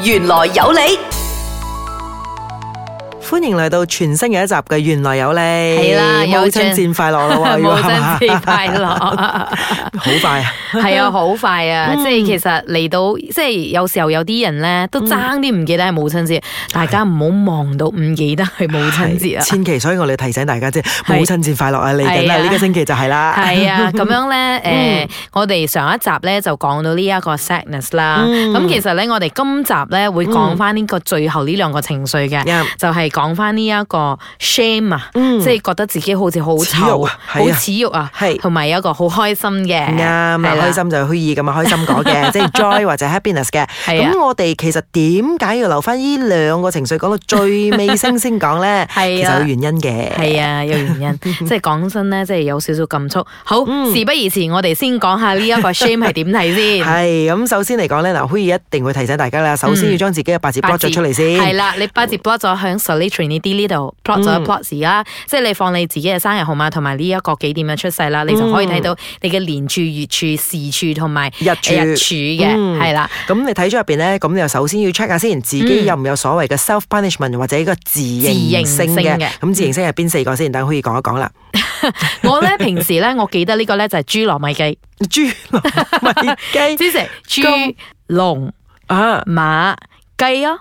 玄來有理。歡迎嚟到全新嘅一集嘅玄來有理，係啦，母親節快樂咯，哇！母親節快樂，好快啊，係啊，好快啊，即係其實嚟到，即係有時候有啲人咧都爭啲唔記得係母親節，大家唔好忙到唔記得係母親節啊，千祈！所以我哋提醒大家即啫，母親節快樂啊，嚟緊呢個星期就係啦，係啊，咁樣咧，誒，我哋上一集咧就講到呢一個 sadness 啦，咁其實咧我哋今集咧會講翻呢個最後呢兩個情緒嘅，就係。講翻呢一個 shame 啊，即係覺得自己好似好醜、好恥辱啊，係同埋有一個好開心嘅。啱啊，開心就可以咁啊，開心講嘅，即係 joy 或者 happiness 嘅。咁我哋其實點解要留翻呢兩個情緒講到最尾聲先講咧？係啊，其實有原因嘅。係啊，有原因，即係講真咧，即係有少少感觸。好，事不宜遲，我哋先講下呢一個 shame 係點睇先。係咁，首先嚟講咧，嗱，可以一定會提醒大家啦，首先要將自己嘅八字 block 咗出嚟先。係啦，你八字 block 咗響。呢度 p 即係你放你自己嘅生日號碼同埋呢一個幾點嘅出世啦，嗯、你就可以睇到你嘅年柱、月柱、時柱同埋日柱嘅。係啦。咁你睇咗入邊咧，咁你又首先要 check 下先，自己有唔有所謂嘅 self punishment 或者一個自認性嘅。咁自認性係邊四個先？等可以講一講啦。 我咧平時咧，我記得呢個咧就係豬糯米雞。豬糯米雞，豬龍啊馬。雞哦，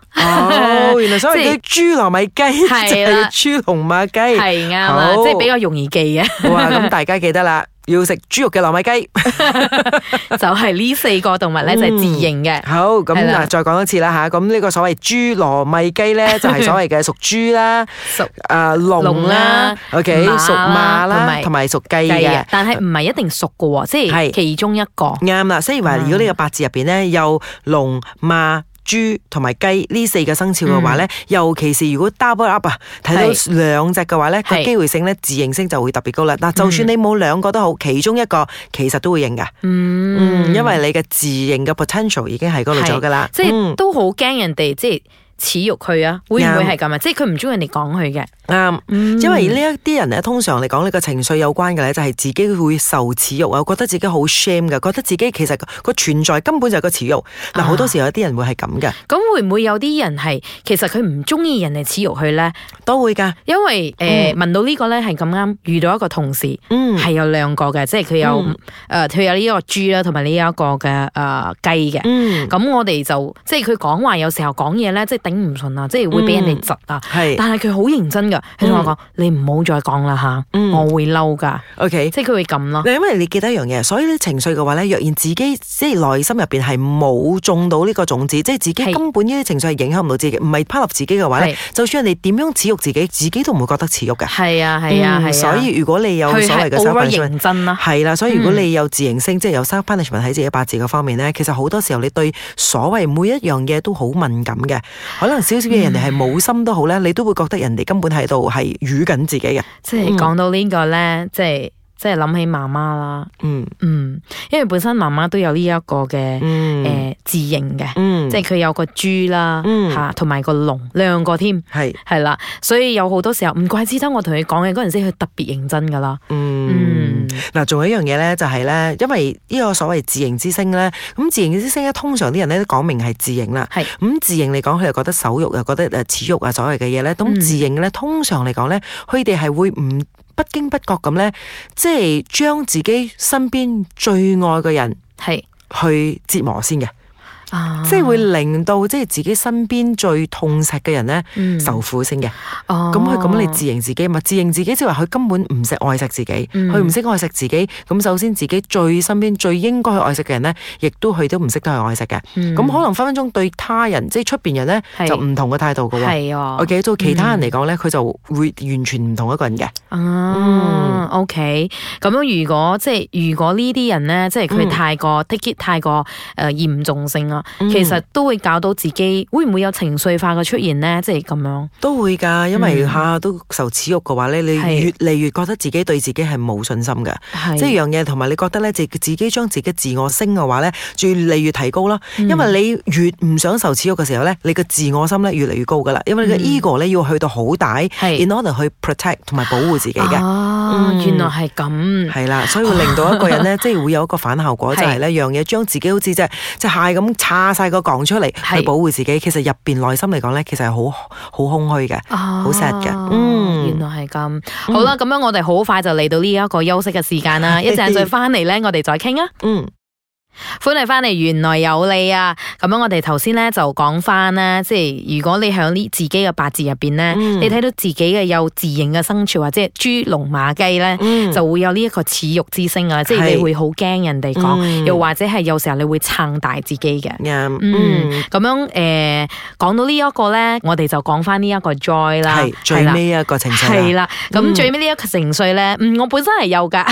原來所謂啲豬糯米雞就係豬龍馬雞，係啱，即係比較容易記嘅。啊，咁大家記得啦，要食豬肉嘅糯米雞，就係呢四個動物咧就係自刑嘅。好，咁嗱，再講一次啦吓，咁呢個所謂豬糯米雞咧就係所謂嘅屬豬啦，屬誒龍啦，OK，屬馬啦，同埋屬雞嘅。但係唔係一定屬嘅，即係係其中一個啱啦。所以話，如果呢個八字入邊咧有龍馬、豬同埋雞呢四個生肖嘅話咧，嗯、尤其是如果 double up 啊，睇到兩隻嘅話咧，個是機會性咧是自認性就會特別高啦。嗱是，就算你冇兩個都好，其中一個其實都會認嘅。嗯，嗯因為你嘅自認嘅 potential 已經係嗰度咗噶啦，即係都好驚人哋即係。恥辱佢啊，會唔會係咁啊？Yeah. 即係佢唔中意人哋講佢嘅。啱，um, 因為呢一啲人咧，通常嚟講呢個情緒有關嘅咧，就係自己會受恥辱啊，覺得自己好 shame 噶，覺得自己其實個存在根本就係個恥辱。嗱、啊，好多時候有啲人會係咁嘅。咁、啊、會唔會有啲人係其實佢唔中意人哋恥辱佢咧？都會噶，因為誒、嗯、問到個呢個咧係咁啱遇到一個同事，嗯，係有兩個嘅，即係佢有誒佢有呢個豬啦，同埋呢一個嘅誒雞嘅。嗯，咁、呃這個呃、我哋就即係佢講話有時候講嘢咧，即、就是頂唔順啊，即係會俾人哋窒啊，嗯、但係佢好認真噶，佢同、嗯、我講：你唔好再講啦吓，嗯、我會嬲噶。O Okay , K，即係佢會咁咯。因為你記得一樣嘢，所以啲情緒嘅話咧，若然自己即係內心入邊係冇種到呢個種子，即係自己根本呢啲情緒係影響唔到自己，唔係拋落自己嘅話咧，是就算人哋點樣恥辱自己，自己都唔會覺得恥辱嘅。係啊係啊，所以如果你有所謂嘅，係好認真啦。係啦，所以如果你有自省，即係有生翻嚟全部睇自己八字嗰方面咧，嗯、其實好多時候你對所謂每一樣嘢都好敏感嘅。可能少少嘅人哋係冇心都好咧，嗯、你都會覺得人哋根本喺度係語緊自己嘅。即係講到個呢個咧，嗯、即係。即係諗起媽媽啦，嗯嗯，因為本身媽媽都有呢一個嘅誒自刑嘅，即係佢有個豬啦，吓、嗯，同埋、啊、個龍兩個添，係係啦，所以有好多時候唔怪之得我同佢講嘅嗰陣時，佢特別認真噶啦，嗯，嗱、嗯，仲有一樣嘢咧，就係、是、咧，因為呢個所謂自刑之星」咧，咁自刑之星」咧，通常啲人咧都講明係自刑啦，咁是自刑嚟講，佢又覺得手肉，又覺得誒恥辱啊，所謂嘅嘢咧，咁自刑咧，通常嚟講咧，佢哋係會唔？不經不覺咁咧，即係將自己身邊最愛嘅人係是去折磨先嘅。即係會令到即係自己身邊最痛錫嘅人咧，受苦先嘅。咁佢咁你自認自己，咪自認自己即係話佢根本唔識愛惜自己，佢唔識愛惜自己。咁首先自己最身邊最應該去愛惜嘅人咧，亦都佢都唔識得去愛惜嘅。咁可能分分鐘對他人，即係出邊人咧，就唔同嘅態度嘅。係哦，對其他人嚟講咧，佢就會完全唔同一個人嘅。嗯，OK。咁樣如果即係如果呢啲人咧，即係佢太過 take 太過誒嚴重性啊。其實都會搞到自己會唔會有情緒化嘅出現呢？即係咁樣都會噶，因為下下都受恥辱嘅話咧，你越嚟越覺得自己對自己係冇信心嘅，即係樣嘢，同埋你覺得咧，自己將自己自我升嘅話咧，越嚟越提高啦。因為你越唔想受恥辱嘅時候咧，你嘅自我心咧越嚟越高噶啦，因為個 ego 咧要去到好大，係 in order 去 protect 同埋保護自己嘅。原來係咁，係啦，所以會令到一個人咧，即係會有一個反效果，就係呢樣嘢將自己好似即係蟹咁話晒個講出嚟去保護自己，其實入邊內心嚟講咧，其實係好好空虛嘅，好 sad 嘅、啊。嗯，原來係咁。嗯、好啦，咁樣我哋好快就嚟到呢一個休息嘅時間啦，一陣再翻嚟咧，欸、我哋再傾啊。嗯。歡迎翻嚟，原來有你啊！咁樣我哋頭先咧就講翻啦。即係如果你喺呢自己嘅八字入邊咧，嗯、你睇到自己嘅有自認嘅生肖，或者係豬龍馬雞咧，嗯、就會有呢一個恥辱之星啊！即係你會好驚人哋講，嗯、又或者係有時候你會撐大自己嘅。啱，嗯，咁樣誒，講到呢一個咧，我哋就講翻呢一個 joy 啦，係最尾一個情緒啦。係啦，咁最尾呢一個情緒咧，我本身係有噶，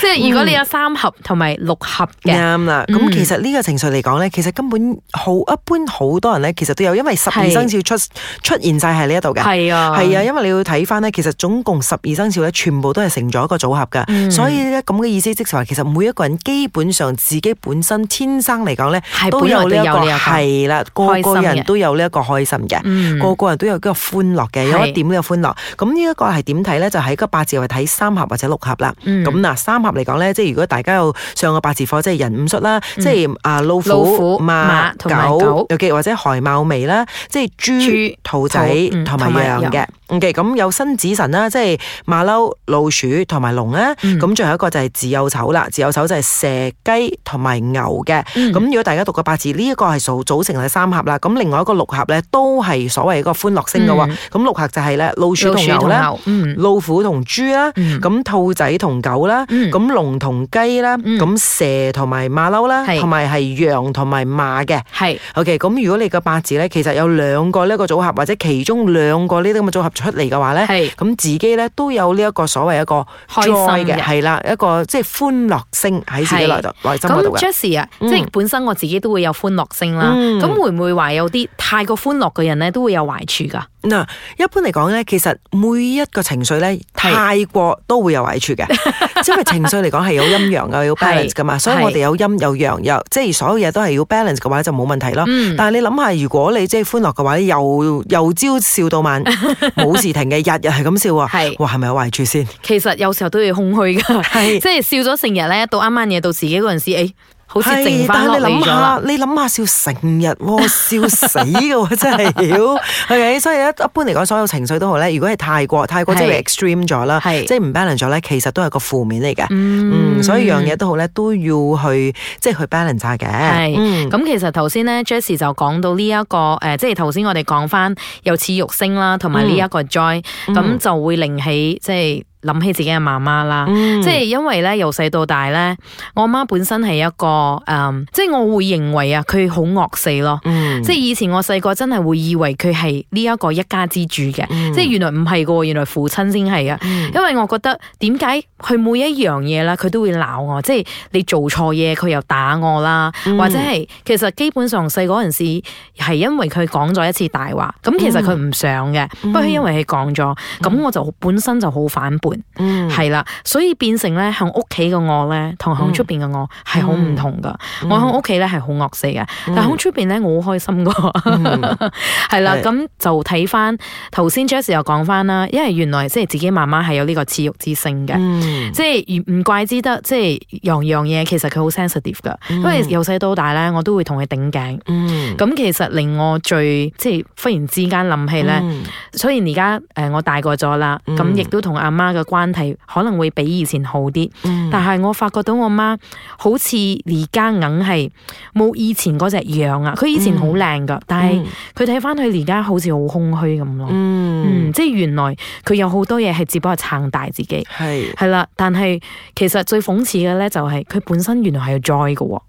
即 係 如果你有三合同埋。六合嘅啱啦，咁其實呢個情緒嚟講咧，其實根本好一般，好多人咧其實都有，因為十二生肖出出現晒喺呢一度嘅，係啊，係啊，因為你要睇翻咧，其實總共十二生肖咧，全部都係成咗一個組合㗎，所以咧咁嘅意思即係話，其實每一個人基本上自己本身天生嚟講咧，都有呢一個係啦，個個人都有呢一個開心嘅，個個人都有呢個歡樂嘅，有一點都有歡樂。咁呢一個係點睇咧？就喺個八字係睇三合或者六合啦。咁嗱，三合嚟講咧，即係如果大家有上。八字課即係人五戌啦，即係啊老虎、馬、狗，又或者亥卯未啦，即係豬、兔仔同埋羊嘅。O.K. 咁有申子辰啦，即係馬騮、老鼠同埋龍啦。咁最後一個就係巳酉丑啦，巳酉丑就係蛇、雞同埋牛嘅。咁如果大家讀個八字，呢一個係組組成嘅三合啦。咁另外一個六合咧都係所謂一個歡樂星嘅話，咁六合就係咧老鼠同牛啦，老虎同豬啦，咁兔仔同狗啦，咁龍同雞啦，咁。蛇同埋是馬騮啦，同埋係羊同埋馬嘅。係，OK。咁如果你個八字咧，其實有兩個呢個組合，或者其中兩個呢啲咁嘅組合出嚟嘅話咧，係是。咁自己咧都有呢一個所謂一個開心嘅，係啦，一個即係歡樂星喺自己內度，內心度嘅。啊，即係本身我自己都會有歡樂星啦。咁、嗯、會唔會話有啲太過歡樂嘅人咧，都會有壞處噶？嗱，no, 一般嚟講咧，其實每一個情緒咧太過都會有壞處嘅， 因為情緒嚟講係有陰陽嘅，有，有 balance 噶嘛，是所以我哋有陰有陽，有，陽有即係所有嘢都係要 balance 嘅話就冇問題咯。嗯、但係你諗下，如果你即係歡樂嘅話，又由朝笑到晚，冇時停嘅，日日係咁笑啊，係， 哇，係咪有壞處先？其實有時候都要空虛噶，是 即係笑咗成日咧，到啱晚夜到自己嗰陣時，誒、哎。係，但係你諗下，你諗下笑成日，笑死嘅，真係妖，係咪？ 所以一一般嚟講，所有情緒都好咧。如果係太過，太過即係 extreme 咗啦，即係唔 balance 咗咧，其實都係個負面嚟嘅。嗯，嗯，所以樣嘢都好咧，都要去即係、就是、去 balance 下嘅。係是，咁、嗯、其實頭先咧，Jesse 就講到呢、這、一個誒、呃，即係頭先我哋講翻，又似肉星啦，同埋呢一個 joy，咁、嗯嗯、就會令起即係。就是諗起自己嘅媽媽啦，嗯、即係因為咧，由細到大咧，我媽本身係一個誒、嗯，即係我會認為啊，佢好惡死咯，嗯、即係以前我細個真係會以為佢係呢一個一家之主嘅，嗯、即係原來唔係噶，原來父親先係啊。嗯、因為我覺得點解佢每一樣嘢咧，佢都會鬧我，即係你做錯嘢佢又打我啦，嗯、或者係其實基本上細個陣時係因為佢講咗一次大話，咁其實佢唔想嘅，不過、嗯嗯嗯、佢因為佢講咗，咁我就本身就好反叛。嗯，係啦，所以變成咧，向屋企嘅我咧，同喺出邊嘅我係好唔同噶。我喺屋企咧係好惡死嘅，但喺出邊咧我好開心噶。係啦，咁就睇翻頭先 Jasper 又講翻啦，因為原來即係自己媽媽係有呢個恥辱之星嘅，即係唔怪之得，即係樣樣嘢，其實佢好 sensitive 噶。因為由細到大咧，我都會同佢頂頸。咁其實令我最即係忽然之間諗起咧，雖然而家誒我大個咗啦，咁亦都同阿媽嘅關係可能會比以前好啲，但係我發覺到我媽好似而家硬係冇以前嗰隻樣啊！佢以前好靚噶，但係佢睇翻佢而家好似好空虛咁咯。嗯、嗯，即係原來佢有好多嘢係只不過撐大自己係係啦，但係其實最諷刺嘅咧就係、是、佢本身原來係有 joy 嘅。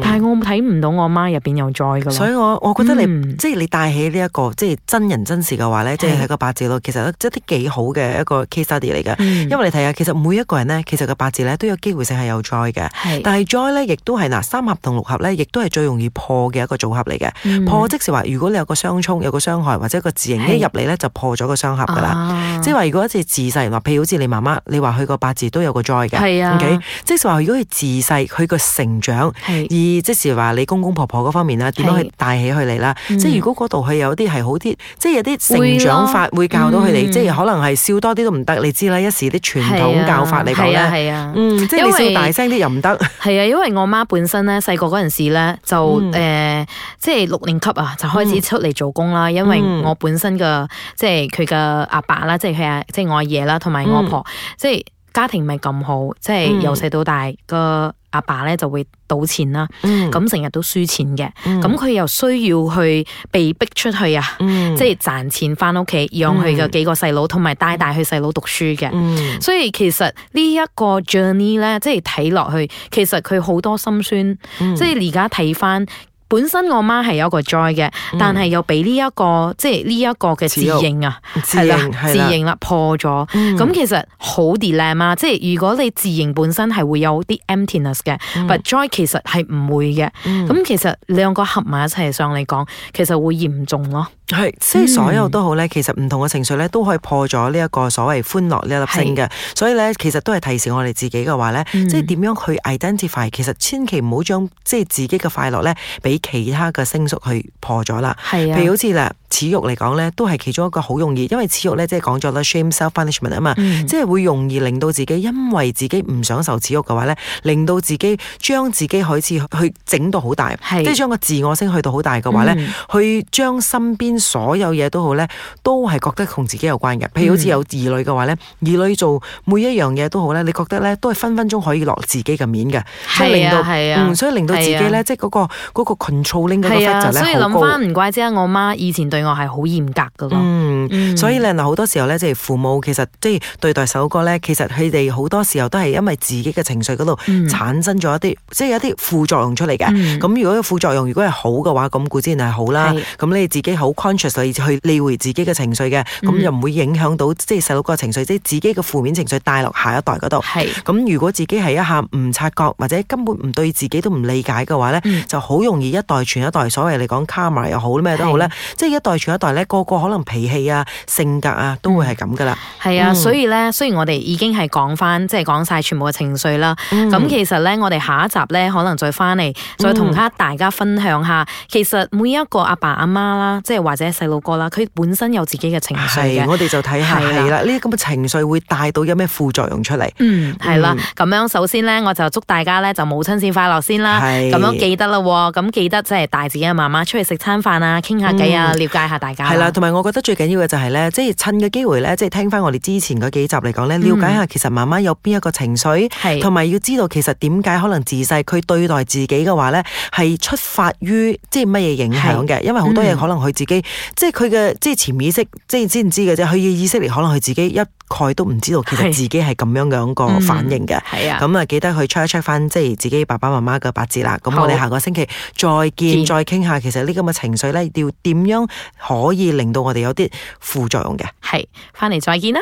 但係我睇唔到我媽入邊有 joy 噶，所以我我覺得你即係你帶起呢一個即係真人真事嘅話咧，即係睇個八字咯。其實即係啲幾好嘅一個 case study 嚟噶。因為你睇下，其實每一個人咧，其實個八字咧都有機會性係有 joy 嘅。但係 joy 咧亦都係嗱三合同六合咧，亦都係最容易破嘅一個組合嚟嘅。破即是話，如果你有個相沖、有個傷害或者個字形一入嚟咧，就破咗個雙合噶啦。即係話，如果一似自細話，譬如好似你媽媽，你話佢個八字都有個 joy 嘅，係啊。即係話，如果佢自細佢個成長。是而即係話你公公婆婆嗰方面啦，點樣去帶起佢嚟啦？即係如果嗰度係有啲係好啲，即係有啲成長法會教到佢哋，嗯、即係可能係笑多啲都唔得。你知啦，一時啲傳統教法嚟噶啦，嗯、啊，啊啊、即係你笑大聲啲又唔得。係啊，因為我媽本身咧細個嗰陣時咧就誒、嗯呃，即係六年級啊就開始出嚟做工啦。嗯、因為我本身嘅即係佢嘅阿爸啦，即係佢啊，即係我阿爺啦，同埋我婆即係。嗯家庭唔係咁好，即係由細到大個阿爸咧就會賭錢啦，咁成日都輸錢嘅，咁佢、嗯、又需要去被逼出去啊，嗯、即係賺錢翻屋企養佢嘅幾個細佬，同埋帶大佢細佬讀書嘅，嗯、所以其實呢一個 journey 咧，即係睇落去，其實佢好多心酸，嗯、即係而家睇翻。本身我媽係有個 joy 嘅，但係又俾呢一個、嗯、即係呢一個嘅自認啊，係啦，自認啦破咗。咁、嗯、其實好 dilemma，即係如果你自認本身係會有啲 emptiness 嘅、嗯、but joy 其實係唔會嘅。咁、嗯、其實兩個合埋一齊上嚟講，其實會嚴重咯。係，即係是所有都好咧。嗯、其實唔同嘅情緒咧，都可以破咗呢一個所謂歡樂呢粒星嘅。是所以咧，其實都係提示我哋自己嘅話咧，嗯、即係點樣去 identify，其實千祈唔好將即係自己嘅快樂咧，俾其他嘅星宿去破咗啦。係啊，譬如好似啦。恥辱嚟講咧，都係其中一個好容易，因為恥辱咧，即係講咗啦，shame self punishment 啊嘛，即係會容易令到自己，因為自己唔享受恥辱嘅話咧，令到自己將自己開始去整到好大，即係將個自我升去到好大嘅話咧，去將身邊所有嘢都好咧，都係覺得同自己有關嘅。譬如好似有兒女嘅話咧，兒女做每一樣嘢都好咧，你覺得咧都係分分鐘可以落自己嘅面嘅，所以令到，所以令到自己咧，即係嗰個嗰個 controlling 嗰個 factor 咧好高。所以諗翻唔怪之，我媽以前對對我係好嚴格噶，嗯，所以咧，好多時候咧，即係父母其實即係對待細路哥咧，其實佢哋好多時候都係因為自己嘅情緒嗰度產生咗一啲，即係一啲副作用出嚟嘅。咁如果副作用如果係好嘅話，咁固之然係好啦。咁你自己好 conscious 去去理會自己嘅情緒嘅，咁又唔會影響到即係細路哥嘅情緒，即係自己嘅負面情緒帶落下一代嗰度。係咁，如果自己係一下唔察覺或者根本唔對自己都唔理解嘅話咧，就好容易一代傳一代。所謂嚟講，camera 又好咩都好咧，即係一。代傳一代咧，個個可能脾氣啊、性格啊，都會係咁噶啦。係啊，所以咧，雖然我哋已經係講翻，即係講晒全部嘅情緒啦。咁其實咧，我哋下一集咧，可能再翻嚟，再同大家分享下，其實每一個阿爸阿媽啦，即係或者細路哥啦，佢本身有自己嘅情緒嘅。我哋就睇下啦，呢啲咁嘅情緒會帶到有咩副作用出嚟。嗯，係啦。咁樣首先咧，我就祝大家咧就母親節快樂先啦。係咁樣，記得啦，咁記得即係帶自己嘅媽媽出去食餐飯啊，傾下偈啊，係啦，同埋我覺得最緊要嘅就係、是、咧，即係趁嘅機會咧，即係聽翻我哋之前嗰幾集嚟講咧，嗯、了解下其實媽媽有邊一個情緒，同埋是要知道其實點解可能自細佢對待自己嘅話咧，係出發於即係乜嘢影響嘅，是因為好多嘢可能佢自己，嗯、即係佢嘅即係潛意識，即係知唔知嘅啫，佢嘅意識嚟，可能佢自己一。佢都唔知道，其實自己係咁樣兩個反應嘅。係、嗯、啊，咁啊，記得去 check 一 check 翻，即係自己爸爸媽媽嘅八字啦。咁我哋下個星期再見，見再傾下。其實呢咁嘅情緒咧，要點樣可以令到我哋有啲副作用嘅？係，翻嚟再見啦。